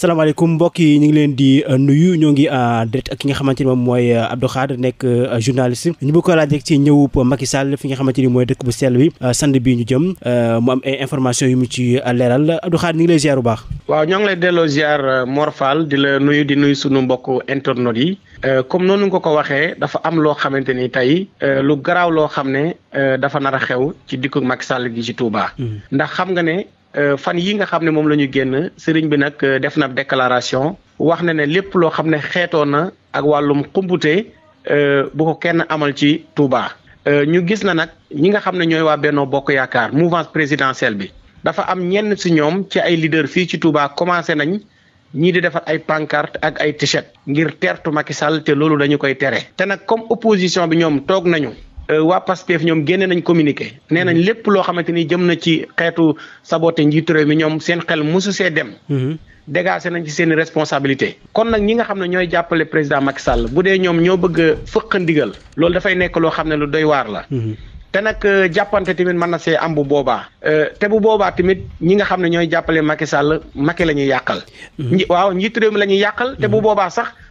salaamaaleykum mbokk yi ñu ngi leen di euh, nuyu ñoo ngi en euh, direct ak ki nga xamante ni moom mooy euh, Abdou Khadre nekk journaliste ñu bëgg ko laaj rek ci ñëwub Macky Sall fi nga xamante ni mooy dëkk bu sell bi sand bi ñu jëm mu am ay information yu mu ci leeral Abdou Khadre ñu ngi lay ziar bu baax. waaw ñoo ngi lay delloo ziar Mor Fall di la nuyu di nuyu suñu mbokk internautes yi comme noonu nga ko ko waxee dafa am loo xamante ni tey lu garaaw loo xam ne dafa nar a xew ci dikku Macky Sall gi ci Touba. Mm-hmm. Euh, fan yi nga xam ne moom la ñu génn sëriñ bi nag euh, def na déclaration wax na ne lépp loo xam ne xeetoon na ak wàllum xumbute euh, bu ko kenn amal ci Touba. ñu gis na nag ñi nga xam ne ñooy waa Bennoo Bokk Yaakaar mouvance présidentielle bi dafa am ñenn si ñoom ci ay leader fii ci Touba commencé nañ ñii di defar ay pancarte ak ay t-shirt ngir teertu Macky Sall te loolu dañu koy tere te nag comme opposition bi ñoom toog nañu. Euh, waa PASTEF ñoom génne nañ communiqué nee mhm. lépp loo xamante ni jëm na ci xeetu saboté njiitu réew mi ñoom seen xel mosu see dem. Mhm. dégagé nañ ci seen responsabilité kon nag ñi nga xam ne ñooy jàppale président Macky Sall bu dee ñoom ñoo bëgg a fëq ndigal loolu dafay nekk loo xam ne lu doy waar la. Mhm. te nag euh, jàppante tamit mën na see am bu boobaa. Euh, te bu boobaa tamit ñi nga xam ne ñooy jàppale Macky Sall Macky la ñuy yàqal. waaw njiitu réew mi te bu boobaa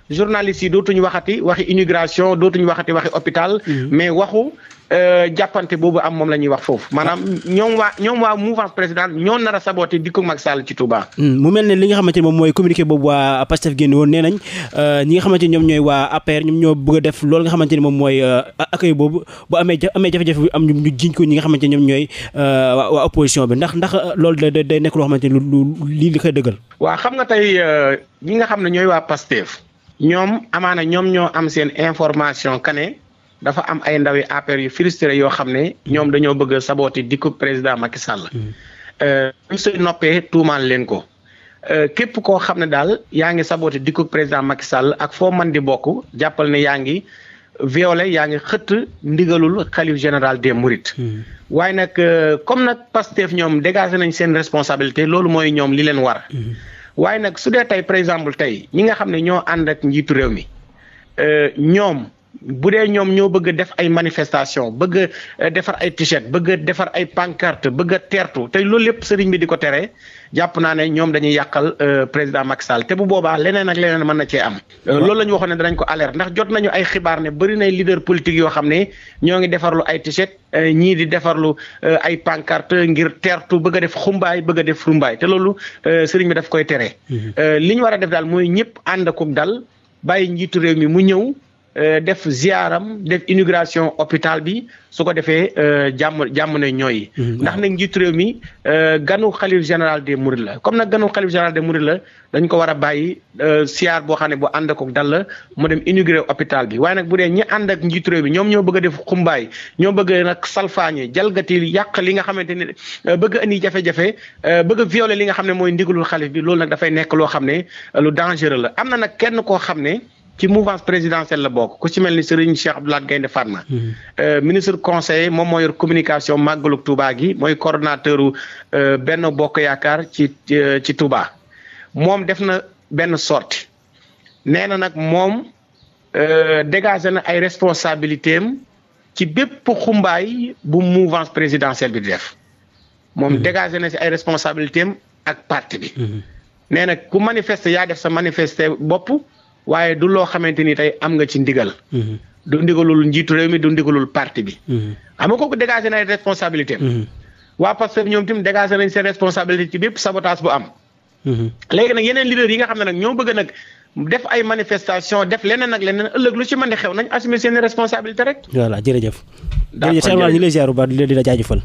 journalistes yi dootuñu waxati waxi immigration dootuñu waxati waxi hôpital. Mhm. mais waxu euh, jàppante boobu am moom la ñuy wax foofu. maanaam ñoom waa ñoom waa mouvance présidentielle ñoo nar a saboté dikku Macky Sall ci Touba. Hmm, mu mel ne li nga xamante ne moom mooy communiqué boobu waa Pastef génn woon nee nañ euh, ñi nga xamante ñoom ñooy waa APR ñoom ñoo bëgg def lool nga xamante ne moom mooy euh, accueil boobu bu amee ja amee jafe-jafe bi am ñu jiñ ko ñi nga xamante ne ñoom ñooy waa opposition bi ndax ndax loolu da day nekk loo xamante ne lu lu lii li koy dëggal. waa xam nga tey ñi nga xam ne ñooy waa Pastef ñoom amaana ñoom ñoo am seen information kane dafa am ay ndawi APR yu frustré yoo xam ne ñoom mm. dañoo bëgg a sabooti dikku président Macky Sall. Mm. Euh, buñ si noppee tuumaal leen ko. Euh, képp koo xam ne daal yaa ngi sabooti dikku président Macky Sall ak foo man di bokk jàppal ne yaa ngi violé yaa ngi xëtt ndigalul xalif général de murit mm. waaye nag euh, comme nag Pastef ñoom dégagé nañ seen responsabilité loolu mooy ñoom li leen war. waaye nag su dee tey par exemple tey ñi nga xam ne ñoo ànd ak njiitu réew mi euh, ñoom bu dee ñoom ñoo bëgg def ay manifestation bëgg euh, defar ay t-shirt bëgg defar ay pancarte bëgg a teertu te loolu lépp sëriñ bi di ko tere jàpp naa ne ñoom dañuy yàqal euh, président Macky Sall te bu boobaa leneen ak leneen mën na cee am. Euh, loolu la ñu waxoon ne danañ ko alerte ndax jot nañu ay xibaar ne bëri nay leader politique xam ne ñoo ngi defarlu ay t ñii di defarlu ay pancarte ngir teertu bëgg a def xumbaay bëgg a def rumbaay te loolu sëriñ bi daf koy teree. Mhm. li ñu war a def daal mooy ñëpp ànd akub dal bàyyi njiitu réew mi mu ñëw. Euh, def ziaram def inauguration hôpital bi su ko defee euh, jàmm jàmm na ñooy. Mhm. ndax ne njiitu réew mi euh, ganu xalif général des Mourides la comme nag ganu xalif général des Mourides la dañ ko war a bàyyi siyaar boo xam ne bu ànd ak dal la mu dem inauguré hôpital bi waaye nag bu dee ñi ànd ak njiitu réew mi ñoom ñoo bëgg a def xumbaay ñoo bëgg nag salfaañe jalgati yàq li nga xamante ne bëgg a indi jafe-jafe bëgg a li nga xam ne mooy ndiglu xalif bi loolu nag dafay nekk loo xam ne lu dangereux la am na nag kenn koo xam ne. ci mouvance présidentielle la bokk ku ci mel ni Serigne Cheikh Abdou Lahad Gaynde Fatma. Hmm. Euh, ministre conseiller moom moo communication màggalu Touba gi mooy coordonnateur euh, benn Bokk Yaakaar ci euh, ci Touba moom def na benn sortie nee na nag moom dégagé na ay responsabilités ci bépp xumbaay bu mouvance présidentielle bi def. moom hmm. dégagé na si ay responsabilités am ak parti bi. Hmm. nee na ku manifester yaa def sa manifester bopp. waaye du loo xamante ni tey am nga ci ndigal. Mhm. du ndigalul njiitu réew mi du ndigalul parti bi. Mhm. xam nga ko dégagé na ay responsabilité mhm. waa Pastef ñoom tim dégagé nañ seen responsabilité ci bépp sabotage bu am. léegi nag yeneen leader yi nga xam ne nag ñoo bëgg nag def ay manifestation def leneen ak leneen ëllëg lu ci mën di xew nañ assumer seen responsabilité rek. voilà jërëjëf. d' accord jërëjëf ñu lay ziar bu baax di la jaajëfal.